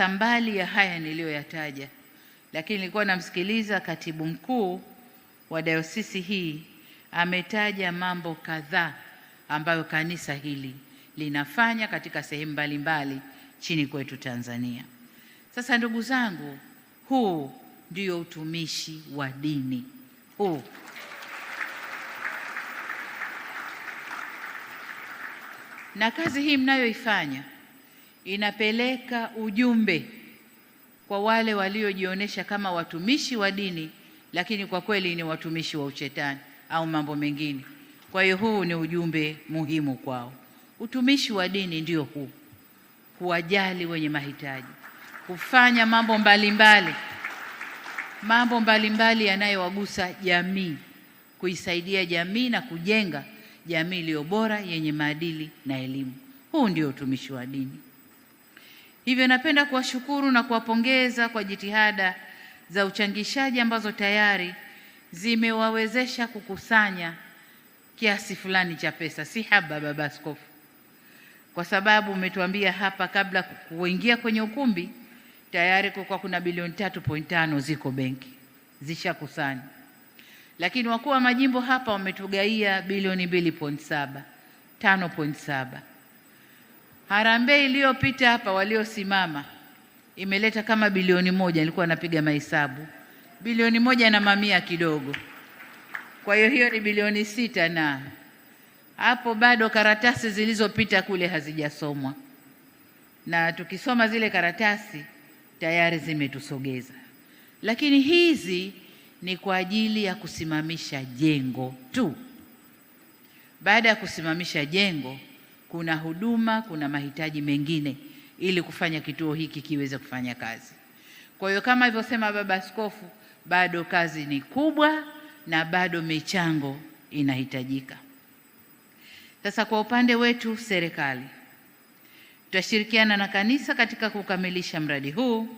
Sasa mbali ya haya niliyoyataja, lakini nilikuwa namsikiliza katibu mkuu wa dayosisi hii, ametaja mambo kadhaa ambayo kanisa hili linafanya katika sehemu mbalimbali chini kwetu Tanzania. Sasa ndugu zangu, huu ndio utumishi wa dini huu. Na kazi hii mnayoifanya inapeleka ujumbe kwa wale waliojionyesha kama watumishi wa dini, lakini kwa kweli ni watumishi wa ushetani au mambo mengine. Kwa hiyo huu ni ujumbe muhimu kwao. Utumishi wa dini ndio huu, kuwajali wenye mahitaji, kufanya mambo mbalimbali mbali, mambo mbalimbali yanayowagusa jamii, kuisaidia jamii na kujenga jamii iliyo bora yenye maadili na elimu. Huu ndio utumishi wa dini. Hivyo napenda kuwashukuru na kuwapongeza kwa jitihada za uchangishaji ambazo tayari zimewawezesha kukusanya kiasi fulani cha pesa. Si haba, Baba Askofu, kwa sababu umetuambia hapa kabla kuingia kwenye ukumbi tayari kulikuwa kuna bilioni 3.5 ziko benki zishakusanya, lakini wakuu wa majimbo hapa wametugaia bilioni 2.7, 5.7. Harambee iliyopita hapa waliosimama imeleta kama bilioni moja, nilikuwa napiga mahesabu, bilioni moja na mamia kidogo. Kwa hiyo hiyo ni bilioni sita, na hapo bado karatasi zilizopita kule hazijasomwa, na tukisoma zile karatasi tayari zimetusogeza. Lakini hizi ni kwa ajili ya kusimamisha jengo tu. Baada ya kusimamisha jengo kuna huduma, kuna mahitaji mengine ili kufanya kituo hiki kiweze kufanya kazi. Kwa hiyo kama alivyosema Baba Askofu, bado kazi ni kubwa na bado michango inahitajika. Sasa kwa upande wetu serikali, tutashirikiana na kanisa katika kukamilisha mradi huu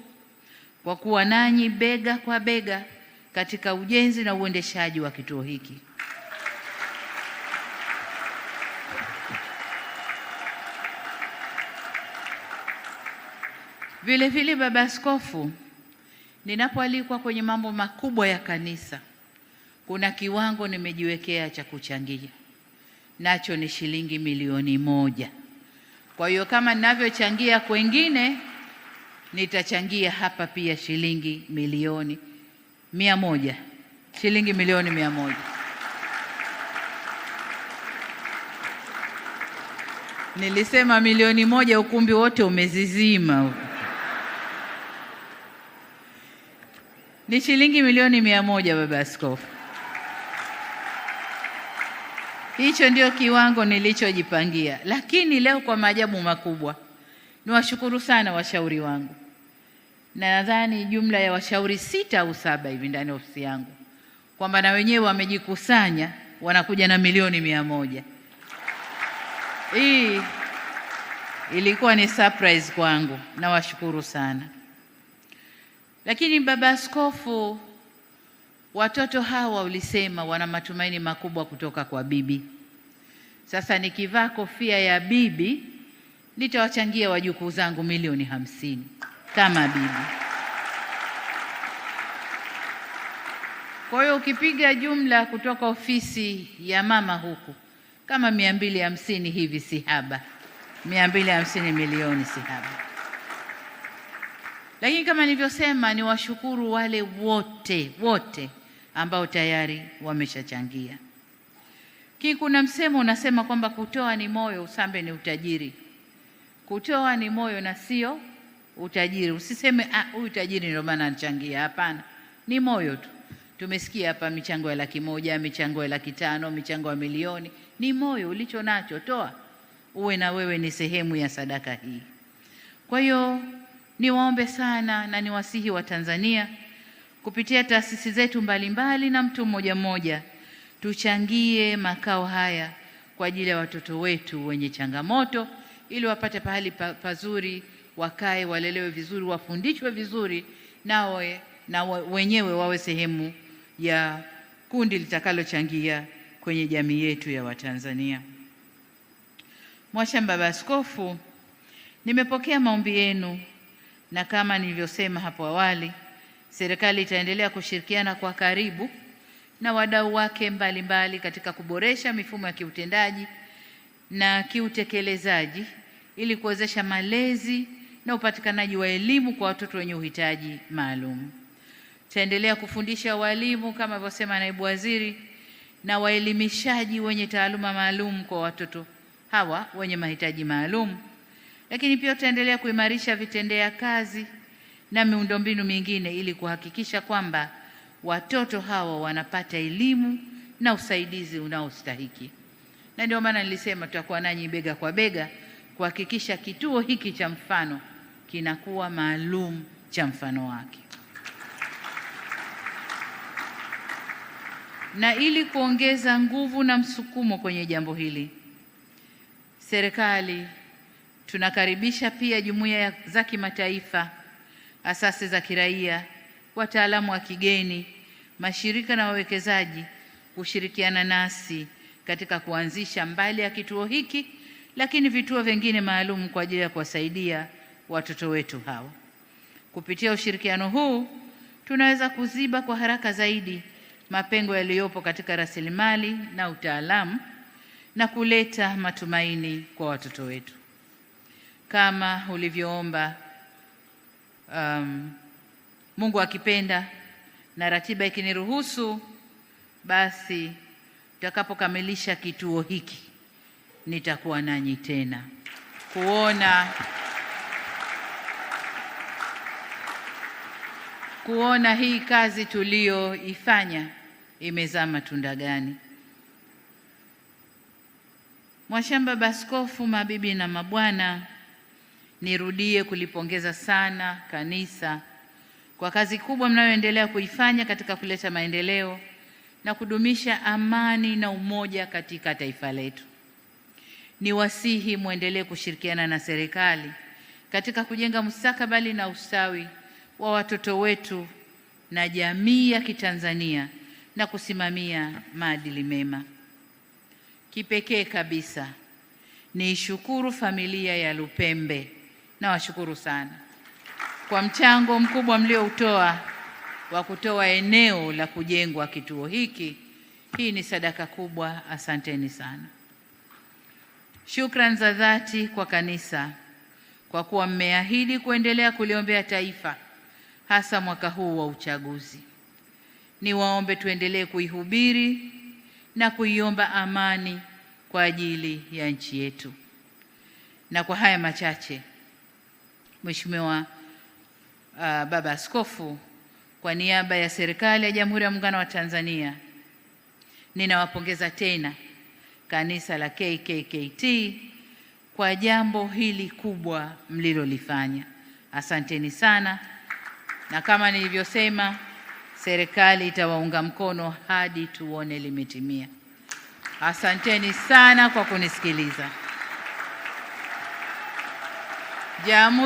kwa kuwa nanyi bega kwa bega katika ujenzi na uendeshaji wa kituo hiki. Vile vile, Baba Askofu, ninapoalikwa kwenye mambo makubwa ya kanisa, kuna kiwango nimejiwekea cha kuchangia nacho ni shilingi milioni moja. Kwa hiyo kama ninavyochangia kwengine, nitachangia hapa pia shilingi milioni mia moja, shilingi milioni mia moja. Nilisema milioni moja, ukumbi wote umezizima. ni shilingi milioni mia moja baba askofu. Hicho ndio kiwango nilichojipangia, lakini leo kwa maajabu makubwa niwashukuru sana washauri wangu, na nadhani jumla ya washauri sita au saba hivi ndani ofisi yangu, kwamba na wenyewe wamejikusanya wanakuja na milioni mia moja. Hii ilikuwa ni surprise kwangu, nawashukuru sana. Lakini baba askofu, watoto hawa ulisema wana matumaini makubwa kutoka kwa bibi. Sasa nikivaa kofia ya bibi nitawachangia wajukuu zangu milioni hamsini kama bibi. Kwa hiyo ukipiga jumla kutoka ofisi ya mama huku kama mia mbili hamsini hivi si haba, mia mbili hamsini milioni si haba. Lakini kama nilivyosema, ni washukuru wale wote wote ambao tayari wameshachangia. kini kuna msemo unasema kwamba kutoa ni moyo, usambe ni utajiri. Kutoa ni moyo na sio utajiri. Usiseme ah, huyu tajiri ndio maana anachangia. Hapana, ni moyo tu. Tumesikia hapa michango ya laki moja, michango ya laki tano, michango ya milioni. Ni moyo ulicho nacho, toa, uwe na wewe ni sehemu ya sadaka hii. Kwa hiyo Niwaombe sana na niwasihi wa Tanzania kupitia taasisi zetu mbalimbali na mtu mmoja mmoja, tuchangie makao haya kwa ajili ya watoto wetu wenye changamoto, ili wapate pahali pazuri, wakae, walelewe vizuri, wafundishwe vizuri, nawe na wenyewe wawe sehemu ya kundi litakalochangia kwenye jamii yetu ya Watanzania. Mwashamba Baba Askofu, nimepokea maombi yenu na kama nilivyosema hapo awali, serikali itaendelea kushirikiana kwa karibu na wadau wake mbalimbali mbali katika kuboresha mifumo ya kiutendaji na kiutekelezaji ili kuwezesha malezi na upatikanaji wa elimu kwa watoto wenye uhitaji maalum. Tutaendelea kufundisha walimu kama alivyosema naibu waziri na waelimishaji wenye taaluma maalum kwa watoto hawa wenye mahitaji maalum lakini pia tutaendelea kuimarisha vitendea kazi na miundombinu mingine ili kuhakikisha kwamba watoto hawa wanapata elimu na usaidizi unaostahiki. Na ndio maana nilisema tutakuwa nanyi bega kwa bega kuhakikisha kituo hiki cha mfano kinakuwa maalum cha mfano wake. Na ili kuongeza nguvu na msukumo kwenye jambo hili, serikali Tunakaribisha pia jumuiya za kimataifa, asasi za kiraia, wataalamu wa kigeni, mashirika na wawekezaji kushirikiana nasi katika kuanzisha mbali ya kituo hiki, lakini vituo vingine maalum kwa ajili ya kuwasaidia watoto wetu hawa. Kupitia ushirikiano huu, tunaweza kuziba kwa haraka zaidi mapengo yaliyopo katika rasilimali na utaalamu na kuleta matumaini kwa watoto wetu kama ulivyoomba. Um, Mungu akipenda na ratiba ikiniruhusu, basi tutakapokamilisha kituo hiki nitakuwa nanyi tena kuona kuona hii kazi tuliyoifanya imezaa matunda gani. Mwashamba, Baskofu, mabibi na mabwana nirudie kulipongeza sana kanisa kwa kazi kubwa mnayoendelea kuifanya katika kuleta maendeleo na kudumisha amani na umoja katika taifa letu. Niwasihi mwendelee kushirikiana na serikali katika kujenga mustakabali na ustawi wa watoto wetu na jamii ya Kitanzania na kusimamia maadili mema. Kipekee kabisa niishukuru familia ya Lupembe Nawashukuru sana kwa mchango mkubwa mlioutoa wa kutoa eneo la kujengwa kituo hiki. Hii ni sadaka kubwa, asanteni sana. Shukrani za dhati kwa kanisa kwa kuwa mmeahidi kuendelea kuliombea taifa, hasa mwaka huu wa uchaguzi. Niwaombe tuendelee kuihubiri na kuiomba amani kwa ajili ya nchi yetu. Na kwa haya machache Mheshimiwa uh, Baba Askofu, kwa niaba ya serikali ya Jamhuri ya Muungano wa Tanzania ninawapongeza tena kanisa la KKKT kwa jambo hili kubwa mlilolifanya. Asanteni sana, na kama nilivyosema, serikali itawaunga mkono hadi tuone limetimia. Asanteni sana kwa kunisikiliza. jamu